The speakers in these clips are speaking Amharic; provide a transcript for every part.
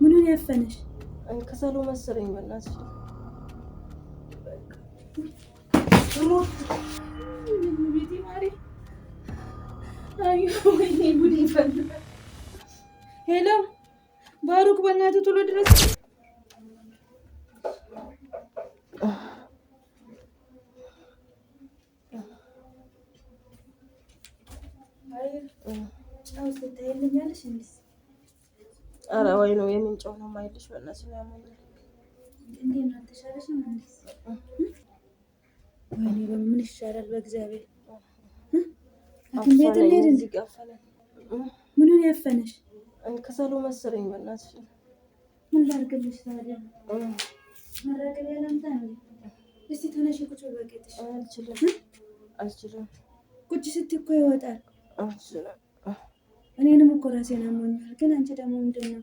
ምኑን ያፈነሽ? ከሰሉ መሰለኝ በእናትሽ ሄሎ ባሩክ፣ ቶሎ ድረስ። ስታይልኛለሽ ኧረ ወይ ነው የሚንጨው ነው ማይልሽ በእናትሽ ነው ያሞኛል። ወይኔ ምን ይሻላል? በእግዚአብሔር ምኑን ያፈነሽ ከሰሉ መሰለኝ። በእናትሽ ምን ላድርግልሽ ታዲያ? መራገቢያ ለምታ ነው? እስቲ ተነሽ ቁጭ በቂጥሽ። አልችልም አልችልም። ቁጭ ስትይ እኮ ይወጣል። አልችልም እኔንም እኮ ራሴን አሞኛል። ግን አንቺ ደግሞ ምንድን ነው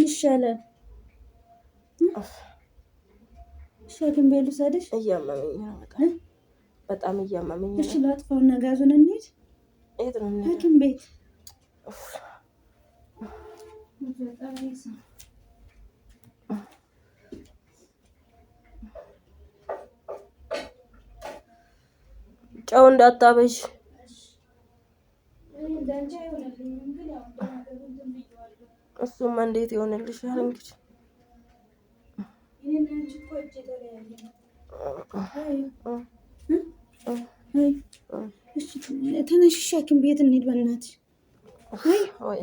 ይሻላል? ሻግን ቤሉ ሳደሽ እያመመኝ ነው በጣም በጣም እያመመኝ ነው። እሺ ላጥፋው እና ጋዙን እንሂድ። የት ነው ሐኪም ቤት ጨው እንዳታበዥ። እሱም እንዴት ይሆንልሻል እንግዲህ ተነሽሽ ሐኪም ቤት እንሂድ በእናትሽ። ወይ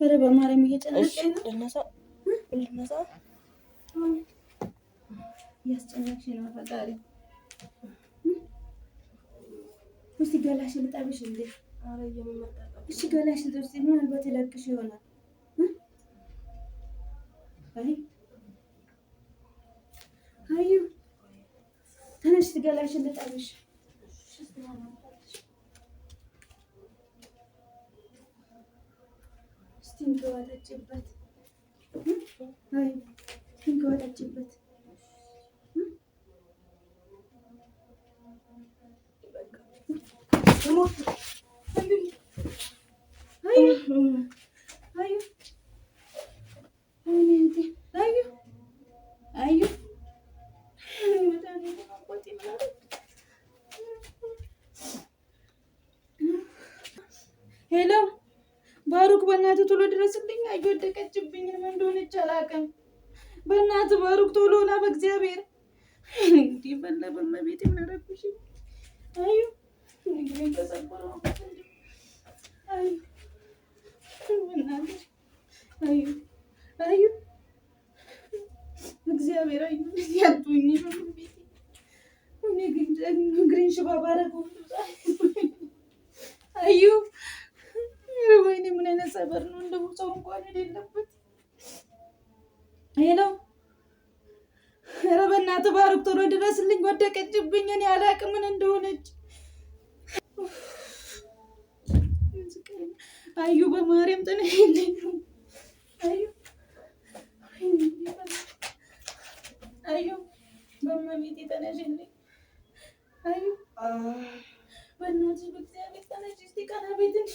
ኧረ በማርያም ነው፣ እያስጨነቅሽ ነው ፈጣሪ። እስኪ ገላሽ ልጠብሽ እንዴ? እሺ ገላሽ ልጠብሽ፣ ምናልባት ይለቅሽ ይሆናል። አዩ ተነሽ፣ ገላሽ ልጠብሽ ስቲንክ ወጣችበት ሄሎ ባሩክ፣ በእናትህ ቶሎ ድረስልኝ። እየወደቀችብኝ ነው እንደሆነች አላውቅም። በእናትህ ባሩክ ቶሎ ና፣ በእግዚአብሔር እንዲህ በላ በመቤት የምናረጉሽ አዩ ተሰበረ አዩ አዩ አዩ እግዚአብሔር አዩ ያጡኝ እግሬን ሽባ ባረገው አዩ ወይኔ ምን አይነት ሰበር ነው? እንደው ሰው እንኳን የሌለበት ይሄ ነው። ኧረ በእናትህ ባርክ ቶሎ ድረስልኝ። ወደቀችብኝ። እኔ አላቅም ምን እንደሆነች። አዩ በማርያም ጥነ የለኝም። አዩ አዩ በመቤት ተነሽልኝ። አዩ በእናትሽ በእግዚአብሔር ተነሽ። እስኪ ቀና ቤትሽ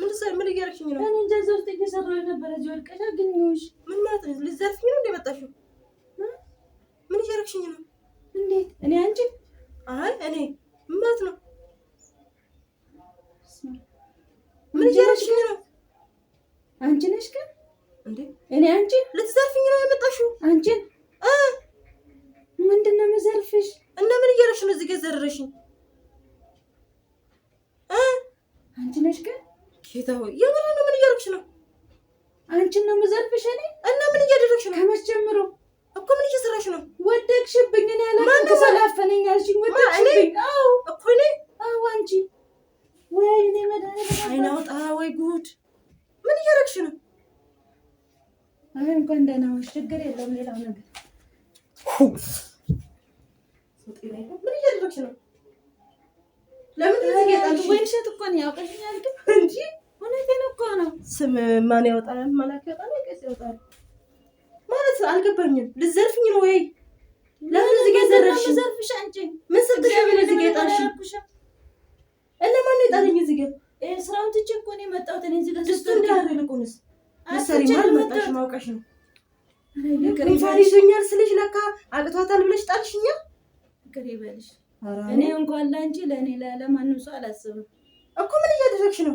ምን ሰ ምን እያደረግሽኝ ነው? እኔ እንጃ ዘርፍ ውስጥ እየሰራሁ የነበረ እዚህ ወድቀሽ አገኘሁሽ። ምን ማለት ነው? ልዘርፍኝ ነው እንደመጣሽው? ምን እያደረግሽኝ ነው? እንዴት እኔ አንቺ? አይ እኔ ምን ማለት ነው? ምን እያደረግሽኝ ነው? አንቺ ነሽ ግን እንዴ? እኔ አንቺ ልትዘርፍኝ ነው የመጣሽው? አንቺ ምንድን ነው የምዘርፍሽ? እና ምን እያደረግሽ ነው እዚህ ጋር ዘርረሽኝ? ዘረረሽኝ? አንቺ ነሽ ግን ጌታ ሆይ የምር ነው። ምን እያደረግሽ ነው? አንቺን ነው የምዘርፍሽ እኔ እና ምን እያደረግሽ ነው? ከመች ጀምሮ እኮ ምን እየሰራሽ ነው? ወደቅሽብኝ። እኔ ያላፈነኝ አልሽኝ። ወደቅሽብኝ እኮ እኔ አንቺ። ወይኔ መድኃኒዓለም አይን አውጣ። ወይ ጉድ! ምን እያደረግሽ ነው? አይ እንኳን ደህና ዋልሽ። ችግር የለም። ሌላው ነገር ምን እያደረግሽ ነው? ለምን ትገጣለሽ? ወይንሸት እኮ ነው ያውቀሽኛል እንጂ እውነቴን እኮ ነው። ስም ማን ያወጣል? መላክ ያወጣል? ቄስ ያወጣል ማለት አልገባኝም። ልትዘርፍኝ ነው ወይ? ለምን እዚህ ጋር ዘረፍሽ? ምን ስልክሽ ነው እዚህ ጋር የጣልሽኝ? እነ ማን ነው እዚህ ጋር? ስራውን ትቼ እኮ ነው የመጣሁት። እኔ እዚህ ጋር ድስቱ እንዳያር ይልቁንስ መሰሪ ማል መጣሽ ማውቀሽ ነው ጉንፋን ይዞኛል ስልሽ ለካ አቅቷታል ብለሽ ጣልሽኛ። ቅር ይበልሽ። እኔ እንኳን ለአንቺ ለእኔ ለማንም ሰው አላስብም እኮ ምን እያደረግሽ ነው?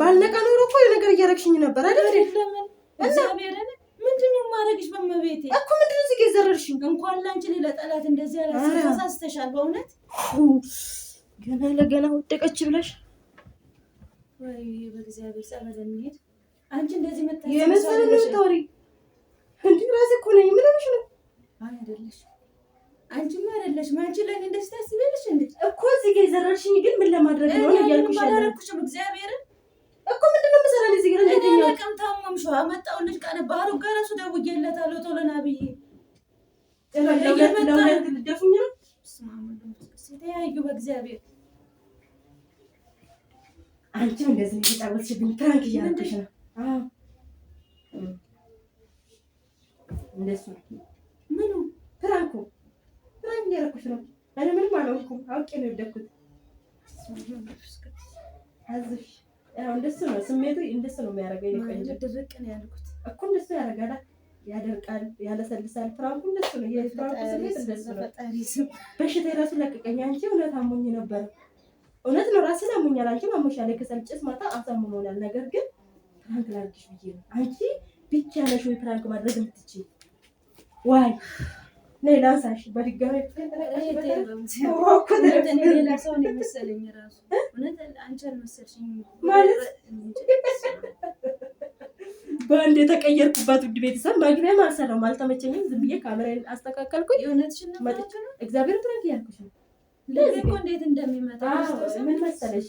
ባለቀ ኖሮ እኮ ነገር እያደረግሽኝ ነበር አይደል? በመቤቴ እኮ ምንድን ነው እንኳን ላንቺ ሌላ ጠላት እንደዚህ ተሳስተሻል። በእውነት ገና ለገና ወደቀች ብለሽ በእግዚአብሔር ጸበል እንሂድ። አንቺ እንደዚህ የመሰለ ነው ታወሪ እንዲ ራሴ እኮ ነኝ። ምን ሆነሽ ነው? አይ አንቺማ አይደለሽም። አንቺ ለእኔ እንደዚህ ታስቢያለሽ እንዴ? እኮ እዚህ ጋር የዘራሽኝ ግን ምን ለማድረግ ነው እያልኩሽ አላደረኩሽም። እግዚአብሔርን እኮ ምንድን ነው የምሰራው እዚህ ጋር? እንዴት ነው አቅም ታመምሽ? አመጣሁልሽ ቃል ባህሩ ጋር እራሱ ደውዬለታለሁ ቶሎ ና ብዬ ልደፉኝ ነው ተያዩ። በእግዚአብሔር አንቺም እንደዚህ እየተጫወትሽብኝ ፕራንክ እያደረግሽ ነው እንደሱ አውቄ ነው የወደድኩት። አዝሽ ያው እንደሱ ነው ስሜቱ፣ እንደሱ ነው የሚያደርገኝ። ድርቅ ነው ያልኩት እኮ እንደሱ ያደርጋል፣ ያደርቃል፣ ያለሰልሳል። ፍራንኩ እንደሱ ነው የፍራንኩ ስሜት እንደሱ ነው። በሽታ የራሱ ለቀቀኝ። አንቺ እውነት አሞኝ ነበር። እውነት ነው ራስን አሞኛል። አንቺም አሞሻል። የከሰል ጭስ ማታ አሳምሞናል። ነገር ግን ፍራንክ ላድርግሽ ብዬ ነው። አንቺ ብቻ ነሽ ወይ ፍራንክ ማድረግ የምትችይ ዋይ ሌላ ሳሽ በድጋሚ ማለት በአንድ የተቀየርኩባት ውድ ቤተሰብ መግቢያ አልሰራሁም፣ አልተመቸኝም። ዝም ብዬ ካሜራዬን አስተካከልኩኝ። የእውነትሽን እግዚአብሔር ትረግ ያልኩሽ ለዚህ እኮ እንዴት እንደሚመጣ ምን መሰለሽ፣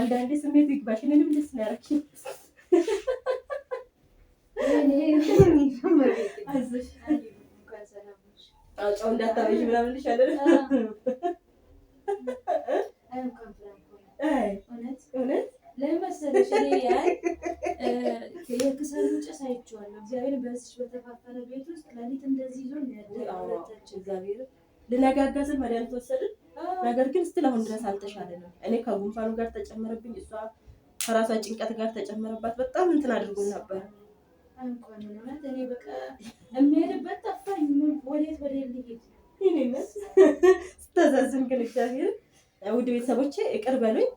አንዳንዴ ስሜት ይግባሽ። ምንም ደስ ያረግሽ አዘሽ ጨው እንዳታበይ ምናምን እንሻለን። እውነት ለምን መሰለሽ አይቼዋለሁ። እግዚአብሔር በዚች በተፋፈረ ቤት ውስጥ ለሊት እንደዚህ ይዞ እግዚአብሔር መድኃኒት ወሰድን። ነገር ግን ስትል አሁን ድረስ አልተሻለንም። እኔ ከጉንፋኑ ጋር ተጨመረብኝ፣ እሷ ከራሷ ጭንቀት ጋር ተጨመረባት። በጣም እንትን አድርጎን ነበር እኔ የሚሄድበት ጠፋኝ። ወዴት ወዴት ልሂድ? ስታዛዝን ግን እግዚአብሔር ውድ ቤተሰቦቼ ይቅር በሉኝ።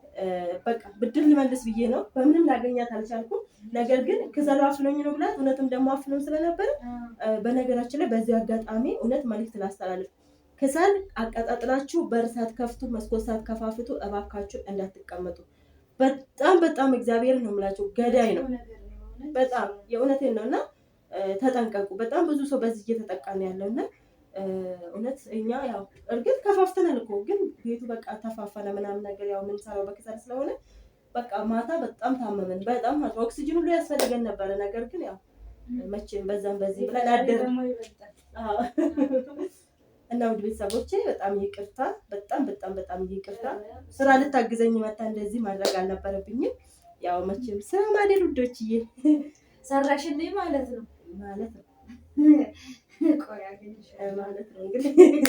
በቃ ብድር ልመልስ ብዬ ነው በምንም ላገኛት አልቻልኩም። ነገር ግን ክሰሉ አፍኖኝ ነው ብላት እውነትም ደግሞ አፍኖኝ ስለነበር በነገራችን ላይ በዚህ አጋጣሚ እውነት መልዕክት ላስተላልፍ። ክሰል አቀጣጥላችሁ በር ሳትከፍቱ መስኮት ሳትከፋፍቱ እባካችሁ እንዳትቀመጡ። በጣም በጣም እግዚአብሔር ነው የምላችሁ ገዳይ ነው። በጣም የእውነቴን ነው እና ተጠንቀቁ። በጣም ብዙ ሰው በዚህ እየተጠቃ ያለው እና እውነት እኛ ያው እርግጥ ከፋፍተናል እኮ ግን ቤቱ በቃ ተፋፈነ ምናምን ነገር ያው የምንሰራው በክሰል ስለሆነ በቃ ማታ በጣም ታመመን። በጣም ማለት ኦክሲጅን ሁሉ ያስፈልገን ነበረ። ነገር ግን ያው መቼም በዛም በዚህ ብለን አደረ እና ውድ ቤተሰቦቼ በጣም ይቅርታ፣ በጣም በጣም በጣም ይቅርታ። ስራ ልታግዘኝ መታ እንደዚህ ማድረግ አልነበረብኝም። ያው መቼም ስራ ማደር ውዶችዬ ሰራሽልኝ ማለት ነው ማለት ነው ማለት ነው እንግዲህ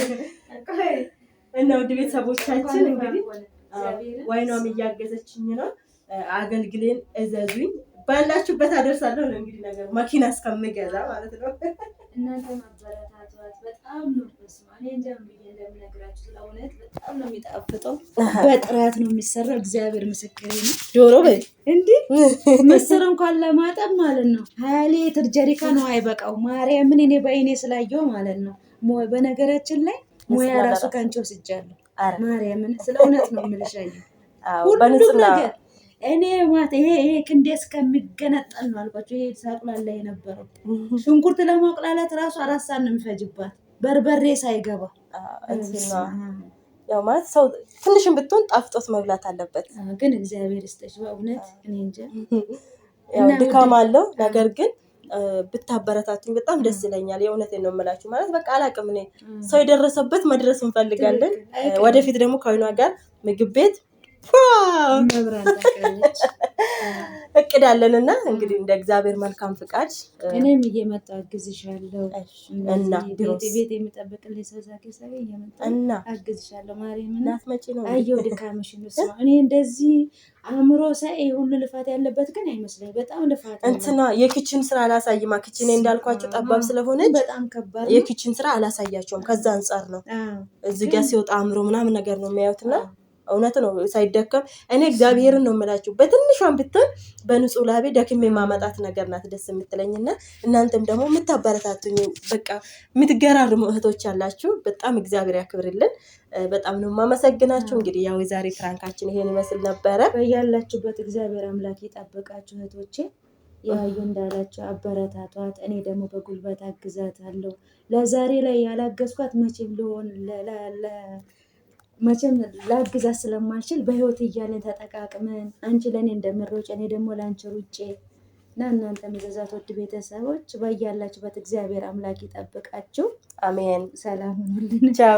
እና ውድ ቤተሰቦቻችን እንግዲህ ዋይኗም እያገዘችኝ ነው። አገልግሌን እዘዙኝ ባላችሁበት አደርሳለሁ ነው እንግዲህ ነገር መኪና እስከምገዛ ማለት ነው እናንተ ማበረታቷት በጣም ነው የምነግራችሁ ስለ በጣም ነው የሚጣፍጠው። በጥራት ነው የሚሰራ። እግዚአብሔር ምስክሬ ነው። ዶሮ በይ እንዲህ ምስር እንኳን ለማጠብ ማለት ነው ሀያ ሊትር ጀሪካ ነው አይበቃው። ማርያምን እኔ በአይኔ ስላየው ማለት ነው። በነገራችን ላይ ሙያ ራሱ ከአንቺ ወስጃለሁ። ማርያምን ስለ እውነት ነው የምልሻየ ሁሉም ነገር እኔ ማለት ይሄ ይሄ ክንዴ እስከሚገነጠል ነው አልኳቸው። ይሄ ሳቁላላ የነበረው ሽንኩርት ለማቁላላት ራሱ አራት ሰዓት ነው የሚፈጅባት በርበሬ ሳይገባ ያው ማለት ሰው ትንሽም ብትሆን ጣፍጦት መብላት አለበት። ግን እግዚአብሔር ይስጠሽ በእውነት እኔ እንጃ ድካም አለው። ነገር ግን ብታበረታቱኝ በጣም ደስ ይለኛል። የእውነቴን ነው የምላችሁ። ማለት በቃ አላቅም እኔ ሰው የደረሰበት መድረስ እንፈልጋለን። ወደፊት ደግሞ ከአይኗ ጋር ምግብ ቤት እቅዳለን እና እንግዲህ እንደ እግዚአብሔር መልካም ፍቃድ እኔም እየመጣ አግዝሻለሁ እና ቤት የሚጠብቅልኝ ሰው ሳገሳቢ እና አግዝሻለሁ። ማርያምና መቼ ነው አየሁ ድካምሽን ስ እኔ እንደዚህ አእምሮ ሳይ ሁሉ ልፋት ያለበት ግን አይመስለኝ። በጣም ልፋት እንትና የኪችን ስራ አላሳይማ። ኪችን እንዳልኳቸው ጠባብ ስለሆነ በጣም ከባድ የኪችን ስራ አላሳያቸውም። ከዛ አንጻር ነው እዚህ ጋ ሲወጣ አእምሮ ምናምን ነገር ነው የሚያዩትና እውነት ነው። ሳይደከም እኔ እግዚአብሔርን ነው የምላችሁ። በትንሿን ብትሆን በንጹህ ላቤ ደክሜ ማመጣት ነገር ናት ደስ የምትለኝና እናንተም ደግሞ የምታበረታቱኝ በቃ የምትገራርሙ እህቶች አላችሁ። በጣም እግዚአብሔር ያክብርልን። በጣም ነው የማመሰግናችሁ። እንግዲህ ያው የዛሬ ፍራንካችን ይሄን ይመስል ነበረ። በያላችሁበት እግዚአብሔር አምላክ የጠበቃችሁ እህቶቼ ያዩ እንዳላቸው አበረታቷት። እኔ ደግሞ በጉልበት አግዛታለሁ። ለዛሬ ላይ ያላገዝኳት መቼም ሊሆን መቼም ላግዛ ስለማልችል በህይወት እያለን ተጠቃቅመን አንቺ ለእኔ እንደምሮጭ እኔ ደግሞ ለአንቺ ሩጬ እና እናንተ መዘዛት ወድ ቤተሰቦች በያላችሁበት እግዚአብሔር አምላክ ይጠብቃችሁ። አሜን። ሰላም ሁኑልን። ቻው